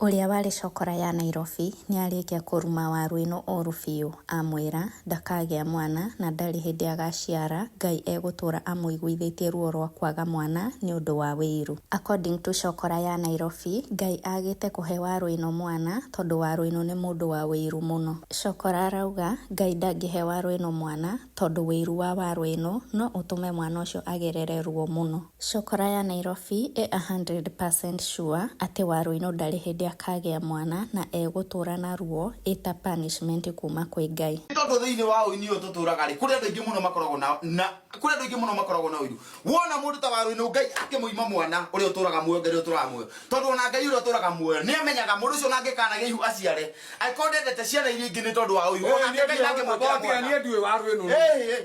ũrĩa warĩ cokora ya Nairobi arĩkia kũruma waru ĩno ũru biũ amwĩra ndakagĩa mwana na ndarĩ hĩndĩ agaciara Ngai egũtũra amũiguithĩtie ruo rwa kwaga mwana ũndũ wa wĩiru according to cokora ya Nairobi Ngai agĩte kũhe waru ĩno mwana tondũ waru ĩno nĩ mũndũ wa wĩiru mũno cokora arauga Ngai ndangĩhe waru ĩno mwana tondũ wĩiru wa waru ĩno no ũtũme mwana ũcio agerere ruo mũno cokora ya Nairobi ĩ 100% sure atĩ waru ĩno ndarĩ hĩndĩ atĩ akagĩa mwana na egũtũũra na ruo ĩta punishment kuma kwĩ Ngai. Tondũ thĩinĩ wa ũini ũyũ tũtũũraga rĩ kũrĩ andũ aingĩ mũno makoragwo na kũrĩ andũ aingĩ mũno makoragwo na ũiru wona mũndũ ta warũ inũ Ngai akĩmũima mwana ũrĩa ũtũũraga muoyo Ngai ũrĩa muoyo tondũ ona Ngai ũrĩa ũtũũraga muoyo nĩ amenyaga mũndũ ũcio na angĩkanagia ihu aciare angĩkorwo ndendete ciana iria ingĩ nĩ tondũ wa ũiru ona Ngai angĩmwĩkĩra mwana niĩ warũ inũ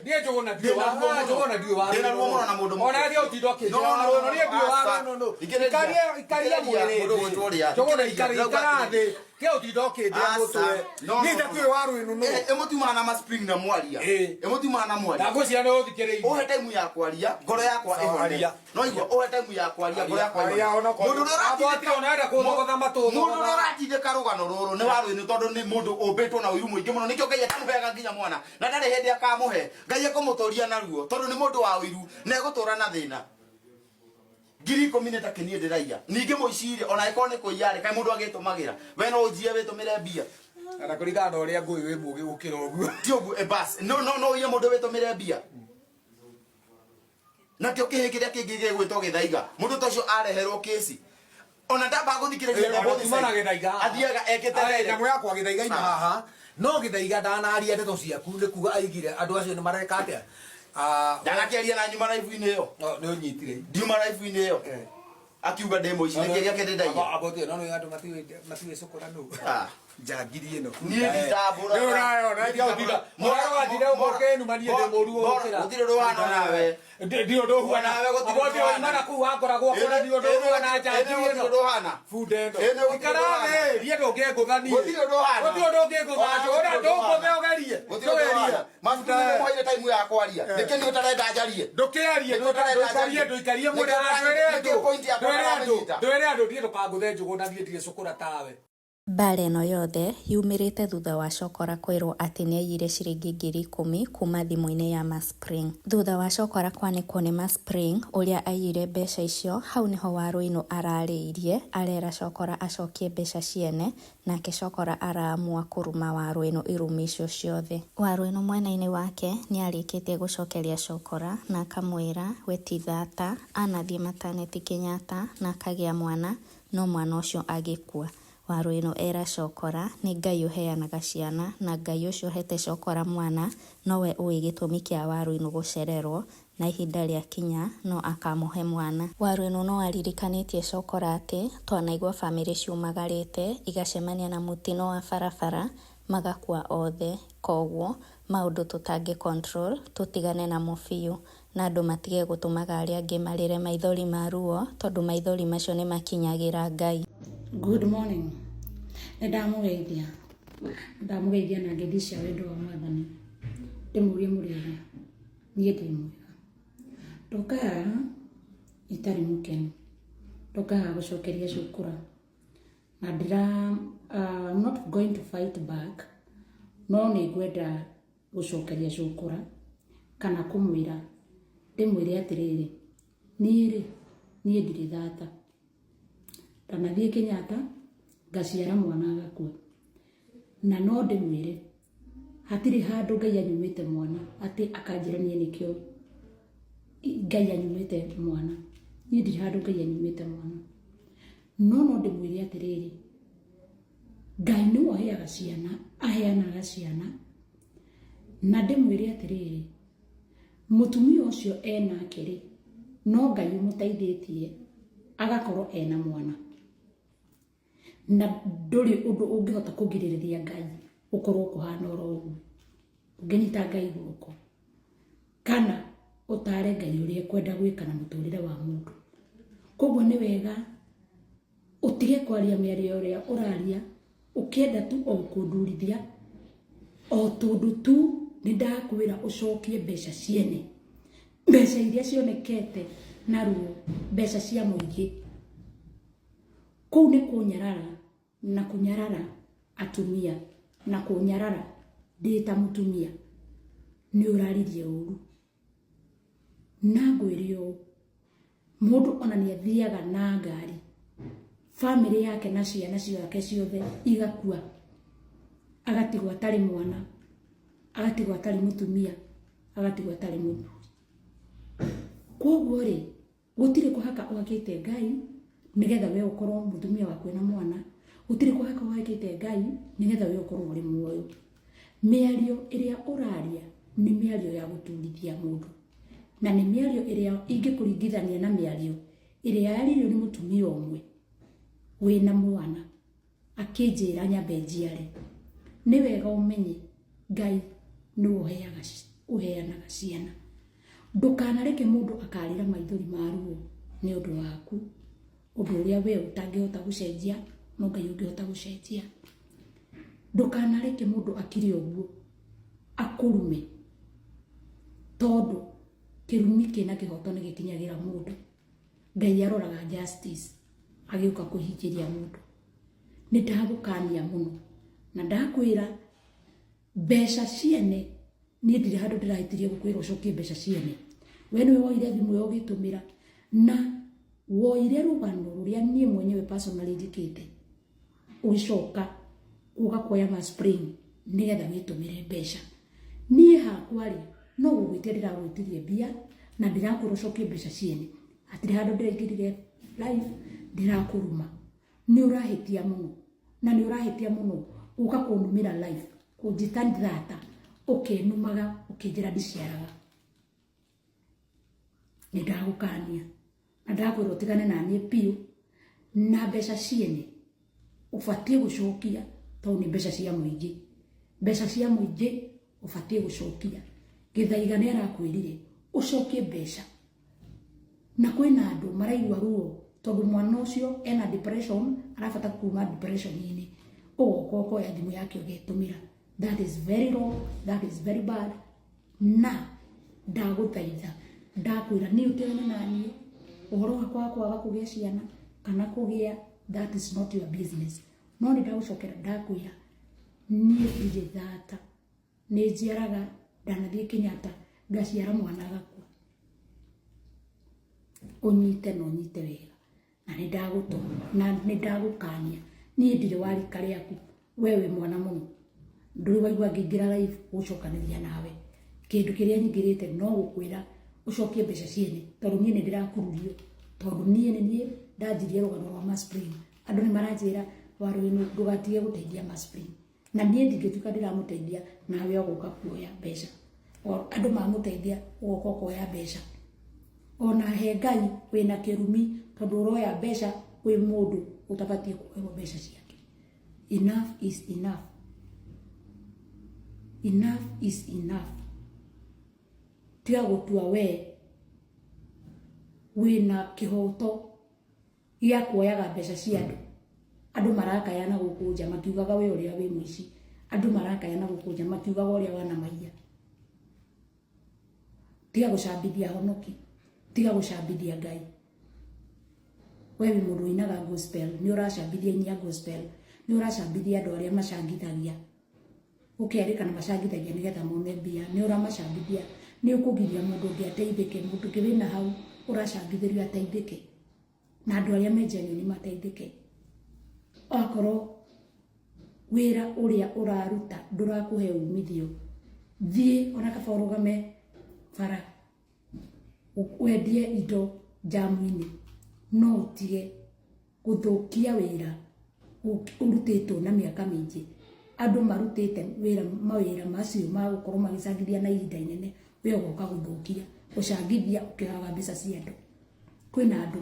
niĩ njũgũ na warũ njũgũ na ndiũĩ warũ ndĩna ruo mũno na mũndũ ona thiĩ ũtindwo kĩnjĩra warũ niĩ ndiũĩ warũ nũ ikaria ikaria mwĩrĩ ikara ikara thä kä å tindå kä ndä a gå tå nä ndatuä waru ä nå nå eh, ä må tiumana na maspring na mwaria ä eh. må tiumana na mwaria ndagå cira nä å thikä he taimu ya kwaria ngoro yakwa ä hone no igua å he taimu ya kwaria ngoro yakwa må ndå å rä a ũratindĩka rũgano rũrũ nĩ warwĩnĩ tondũ nĩ mũndũ ũmbĩtwo na ũiru mũingĩ mũno nĩkĩo ngai atamũheaga nginya mwana na ndarĩ hĩndĩ akamũhe ngai ekũmũtũria naruo tondũ nĩ mũndũ wa ũiru na egũtũra na thĩna ngiri ikumi nä takä niä ndä raiya ningä må ici rä ona äkorwo nä kå iyarä kaä må ndå agä tå magä we no å njie wä tå mä re mbia na kå ringana na å rä a ngå yå wä må gä gå kä ra å guo ti å guo eh, no iye må ndå wä tå mä re mbia nakio kä hä kä rä a kä ngä gä gwä to gä thaiga må ndå ta å cio areherwo kĩci ona ndamba gå thikä rä ria athiaga ekätenyamå yakwa gä thaiga-inä ah. haha no gä thaiga ndanaria ndeto ciaku nä kuga aigire andå acio nä mareka atä Ah, ndanakiaria na nyuma raibu-inĩ ĩyo nĩ ũnyitire ndiuma raibu-inĩ ĩyo eh. akiuga ndemo ici nĩkĩ gĩake ndĩndaiya njangiri ĩno nĩnditambũraũtirĩ eh. rũhana nawe ndio nduhuanawe gũtirĩmana kuu wakoragwo kũna ndio nduhuana njangiri ĩno rũhana bunda ĩno ikarae rie ndũngĩngũthanie gũtirĩ rũhana gũtirĩ ndũngĩngũthania ũrĩa ndũngũthe ũgerie ndũgerie mafuta ngai mwira kwaria eh. niki ni utarenda njarie ndukiarie ndukarie nduikarie mwira ndwere andu ndwere andu ndwere andu ndie tukanguthe njuguna ndie ndige cukura tawe Mbaara ĩno yothe yumĩrĩte thutha wa Chokora kwĩrwo atĩ aiyire ciringi ngiri ikũmi kuma thimũ-inĩ ya Maspring. Thutha wa Chokora kwanĩkwo nĩ Maspring ũrĩa aiyire mbeca icio hau nĩho Warũinũ ararĩirie arera Chokora acokie mbeca ciene nake Chokora araamua kũruma Warũinũ irumi icio ciothe. Warũinũ mwena-inĩ wake arĩkĩtie gũcokeria Chokora na akamwĩra "we ti thata, anathiĩ mataneti Kenyatta na akagĩa mwana no mwana ũcio agĩkua. Waru ĩno era cokora nä Ngai heanaga ciana na Ngai cio hete cokora mwana nowe ũĩ gĩtũmi kĩa waru ĩno gũcererwo na ihinda kinya no akamũhe mwana. Waru ino no aririkanĩtie cokora atĩ twanaigua bamĩrĩ ciumagarĩte igacemania na mutino wa barabara magakua othe, koguo maũndũ tũtangĩ control tũtigane namo biũ na andũ matige gũtũmaga arĩa angĩ marĩre maithori maruo ruo maithori macio nĩmakinyagĩra Ngai. Good morning. Nĩndamugeithia ndamugeithia na cia wendo wa Mwathani ndĩmũrie mũrĩega niĩ ndĩ mwega ndoka haha itarĩ mũkenu ndoka haha gũcokeria cukura na ndĩra uh, not going to fight back no nĩngwenda gũcokeria cukura kana kũmwĩra ndĩmwĩre atĩrĩrĩ niĩ rĩ niĩ ndirĩ thaata ndanathiĩ Kenyatta ngaciara mwana agakua na no ndimwire hatirä handå ngai anyumä te mwana atä akanjä ra niä nä kä o ngai anyumä te mwana niä ndirä handå ngai anyumä te mwana no no ndä mwä re atä rä rä ngai nä woheaga ciana aheanaga ciana na ndä mwä re atä rä rä mutumia å cio enake rä no ngai å må teithä tie agakorwo ena mwana na nduri undu ungihota kugiririria ngai ukorwo kuhana oro uguo unginyita ngai guoko kana utare ngai uria ekwenda gwika na muturire wa mundu koguo ni wega utige kwaria miario uria uraria ukienda tu o kundurithia o tundu tu ni ndakwira ucokie mbeca ciene mbeca iria cionekete naruo mbeca cia muingi kuu ni kunyarara na kunyarara atumia na kunyarara ndi ta mutumia ni uraririe uru na ngwire uu mundu ona ni athiaga na ngari family yake na ciana ciake ciothe igakua agatigwa atari mwana agatigwo atari mutumia agatigwo atari mundu koguo ri gutiri kuhaka uhakite ngai nigetha we ukorwo mutumia waku na mwana gutire kwa haka wajite ngai nigetha we ukorwo uri muoyo miario iria uraria ni miario ya guturithia mundu na ni miario iria ingikuringithania na miario iria yaririo ni mutumia umwe wina mwana akinjira nyambe njiare ni wega umenye ngai ni uheaga uheanaga ciana ndukanareke mundu akarira maithori maruo ni undu waku undu uria we utangihota gucenjia no ngai ũngĩhota gũcenjia ndũkanareke mundu akiri ũguo akurume tondũ kirumi kina kihoto ni gikinyagira mundu ngai aroraga justice agiuka kũhingĩria mundu ni ndagũkania muno na ndakwĩra mbeca ciene ni ndirĩ handu ndĩrahĩtirie gukwira ũcokie mbeca ciene we nĩwe woire thimu ĩyo ũgĩtũmĩra na woire rũgano rũrĩa niĩ mwenyewe personally njĩkĩte ugicoka ugakoya ma spring nigetha witumire mbeca nie hakwa ri no gugwitia ndiragwitirie mbia na ndirakurucokia mbeca ciene atiri handu ndiraingirire life ndirakuruma ni urahitia muno na ni urahitia muno uka kunumira life kunjita ndirata ukinumaga ukinjira ndiciaraga ni ndagukania na ndakwirwo tigane nanie piu na mbeca ciene ubatie gucokia to ni mbeca cia muingi mbeca cia muingi ubatie gucokia githaiga ni arakwirire ucokie mbeca na kwina andu maraigua ruo tondu mwana ucio ena depression arabata kuma depression ini ugoka ukoya thimu yake ugetumira that is very wrong that is very bad na ndaguthaitha ndakwira ni utigane nanie uhoro wakwa kwaga kugia ciana kana kugia that is not your business no da ucokera da ra niä ije thata nä njiaraga ndanathiä Kenyatta ngaciara mwana gakua unyite na unyite wega na nä ndagå to na ni da kania niä ndirä warika rä aku wewe mwana må ndå rä waigua ngä ingä ra gå cokanäria nawe kä ndå kä rä a nyingä rä te no gå kwä ra å cokie mbeca ciene tondå niä nä ndä rakururio tondå ndanjirie rugano rwa Maspring andu ni maranjira waru ndå gatige gå teithia Maspring na nie ndingä tuä ka ndä ramå teithia nawe å kuoya mbeca andå mamå teithia å goka kuoya mbeca ona he ngai wä na kä rumi tondå å roya mbeca kwä må ndå å mbeca ciake enough is enough enough is enough tiga gå we wee wä na kä ya kuoyaga mbeca cia andu andu marakayana guku nja matiugaga we uria wi muici andu marakayana guku nja matiugaga uria wana maiya tiga gucambithia honoki tiga gucambithia ngai we wi mundu uinaga gospel ni uracambithia nyia gospel ni uracambithia andu aria macangithagia ukiarikana macangithagia nigetha mone mbia ni uramacambithia ni ukugiria mundu ungi ateithike mundu kiri na hau uracangithirio ateithike na andu aria me genuine mateithike akorwo wä ra å rä wira uria uraruta ndurakuhe umithio thie ona kaba urugame bara wendie indo jamu-inĩ no ra å rutä two na mĩaka mĩingĩ andũ marutĩte wĩra mawĩra macio ma gũkorwo magĩcangithia na ihinda inene we ũgoka gũthũkia gũcangithia ũkĩohaga mbeca cia andũ kwĩna andũ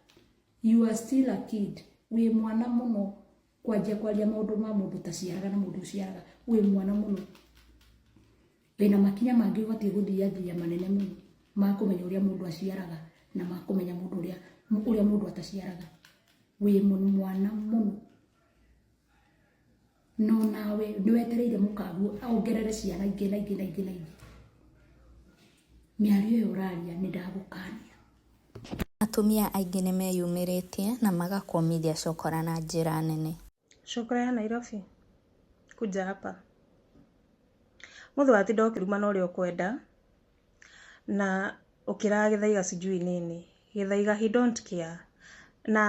you are still a kid wi mwana muno kwanjia kwaria maundu ma mundu ta ciaraga na mundu ciaraga wi mwana muno wina makinya mangi ubatie guthiathia manene muno makumenya uria mundu aciaraga na makumenya mundu uria uria mundu ataciaraga wi mwana muno no nawe nä wetereire må kaguo ongerere ciana ingä na ingi na ingi na ingi mä ario ä yo å raria nä ndagå atumia aingĩ nĩmeyumĩrĩtie na magakomithia cokora na njĩra nene cokora ya Nairobi kuja hapa mũthwa tinda ũkĩruma na ũrĩa ũkwenda na ũkĩraga gĩthaiga sijui nini gĩthaiga he don't care na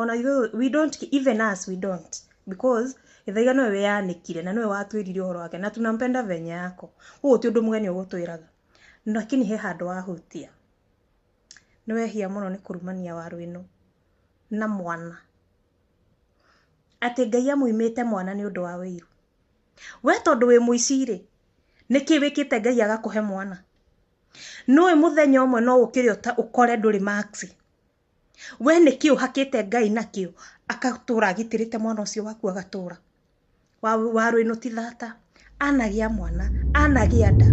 ona ithuĩ we don't even us we don't because gĩthaiga nĩwe weyanĩkire na nĩwe watwĩrire ũhoro wake na tunampenda venya yako ũguo ti ũndũ mũgeni ũgũtwĩraga lakini he handũ wahutia nĩ wehia mũno nĩ kũrumania waru ĩno na mwana atĩ ngai amũimĩte mwana nĩ ũndũ wa wĩiru we tondũ wĩ mũici rĩ nĩkĩ wĩkĩte ngai agakũhe mwana nũĩ mũthenya ũmwe no ũkĩre ũkore ndũrĩ maksi we nĩkĩ ũhakĩte ngai nakĩo agatũra agitĩrĩte mwana ũcio waku agatũra waru ĩno ti thata anagĩa mwana anagĩa nda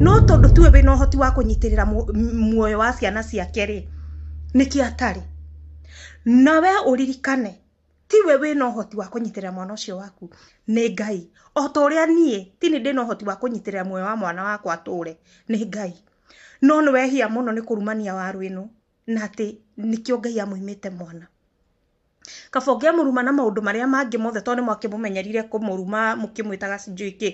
no tondu tiwe wina uhoti wa kunyitirira muoyo wa ciana ciake ri niki atari we uririkane tiwe wina uhoti wa kunyitirira mwana ucio waku ni ngai o ta uria nie tini ndina uhoti wa kunyitirira muoyo wa mwana wakwa ature ni ngai no ni wehia muno ni kurumania waru ino na ati nikio ngai amwimite mwana kaba ũngĩamũruma na maũndũ marĩa mangĩ mothe tondũ nĩ mwakĩmũmenyerire kũmũruma mũkĩmwĩtaga cinjui kĩ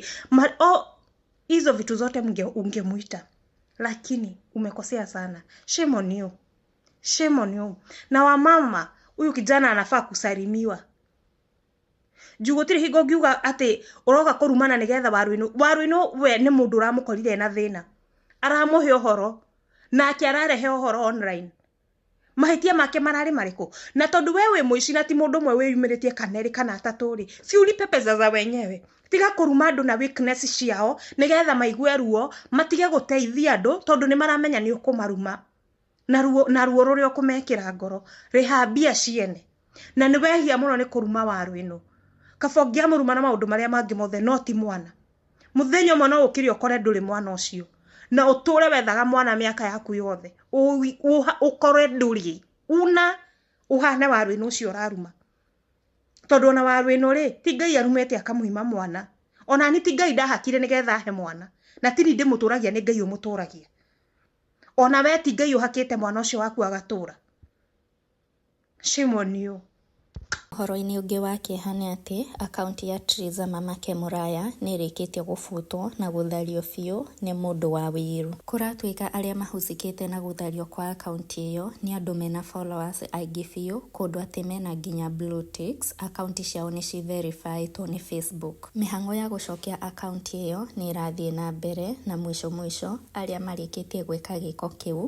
hizo vitu zote ungemuita lakini umekosea sana shame on you. Shame on you. na wamama huyu kijana anafaa kusalimiwa juu gutiri hingo ngiuga ati uroka kurumana nigetha waru-inu waru-inu we ni mundu uramukorire na thina aramuhe uhoro nake ararehe uhoro online mahitia make mararĩ marĩkũ na tondu we wĩ mũici na ti mũndũ ũmwe wĩyumĩrĩtie kana erĩ kana atatũ rĩ si ulipepe zaza wenyewe tiga kũruma andũ na weakness ciao nĩgetha maigue ruo matige gũteithia andũ tondũ nĩ maramenya nĩ ũkũmaruma na ruo na ruo rũrĩa ũkũmekĩra ngoro rĩha mbia ciene na nĩ wehia mũno nĩ kũruma waru ĩno kaba ũngĩamũruma na maũndũ marĩa mangĩ mothe no ti mwana mũthenya ũmwe no ũkire ũkore ndũrĩ mwana ũcio na utore wethaga mwana aka yaku yothe ukore nduri una uhane waru-inä å cio å raruma tondå ona waru no rä ti ngai arumete akamwima mwana ona ni ti ngai ndahakire nä getha ahe mwana na tini ndä må tå ragia nä ngai å må tå ragia ona we ti ngai å hakä te mwana å cio waku agatå ra cimonio Ũhoro-inĩ ũngĩ wa kĩeha nĩ atĩ, akaunti ya Theresa mamake mũraya nĩĩrĩkĩtie gũbutwo na gũthario biũ nĩ mũndũ wa wĩiru. Kũratuĩka arĩa mahusikĩte na gũthario kwa akaunti ĩyo nĩ andũ mena followers aingĩ biũ kũndũ atĩ mena nginya blue ticks akaunti ciao nĩciverifĩĩtwo nĩ Facebook. Mĩhang'o ya gũcokia akaunti ĩyo nĩĩrathiĩ na mbere na mũico mũico arĩa marĩkĩtie gwĩka gĩko kĩu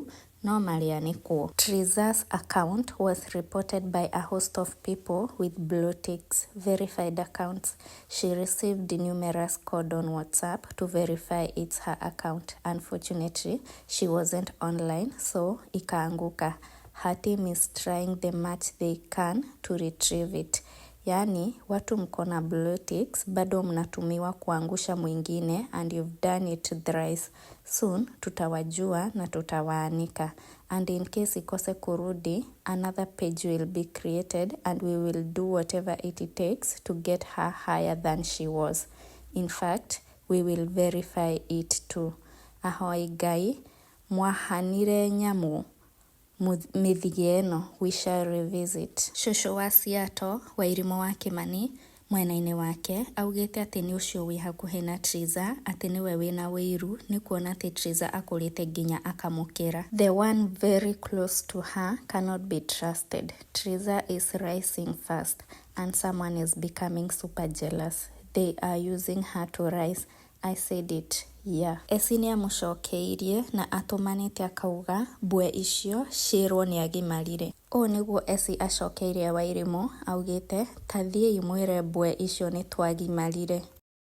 no Marianne Treasurer's account was reported by a host of people with blue ticks, verified accounts. She received numerous code on WhatsApp to verify it's her account. Unfortunately, she wasn't online, so ikaanguka. Her team is trying the much they can to retrieve it. Yaani, watu mkona blutics, bado mnatumiwa kuangusha mwingine and you've done it thrice. Soon, tutawajua na tutawaanika. And in case ikose kurudi, another page will be created and we will do whatever it takes to get her higher than she was. In fact, we will verify it too. Ahoigai, mwahanire nyamu mĩthigĩ ĩno we shall revisit cũcũ wa Seattle Wairimu wa Kĩmani mwena-inĩ wake augĩte atĩ nĩ ũcio wĩ hakuhĩ na Triza atĩ nĩwe wĩna ũiru nĩ kuona atĩ Triza akũrĩte nginya akamũkĩra the one very close to her cannot be trusted Triza is rising fast and someone is becoming super jealous they are using her to rise I said it ya Esi nä amũcokeirie na atũmanĩte akauga mbwe icio Shirũ nĩagimarire ũũ nĩguo Esi acokeirie Wairimu augĩte ta thiĩi re mbwe icio twagimarire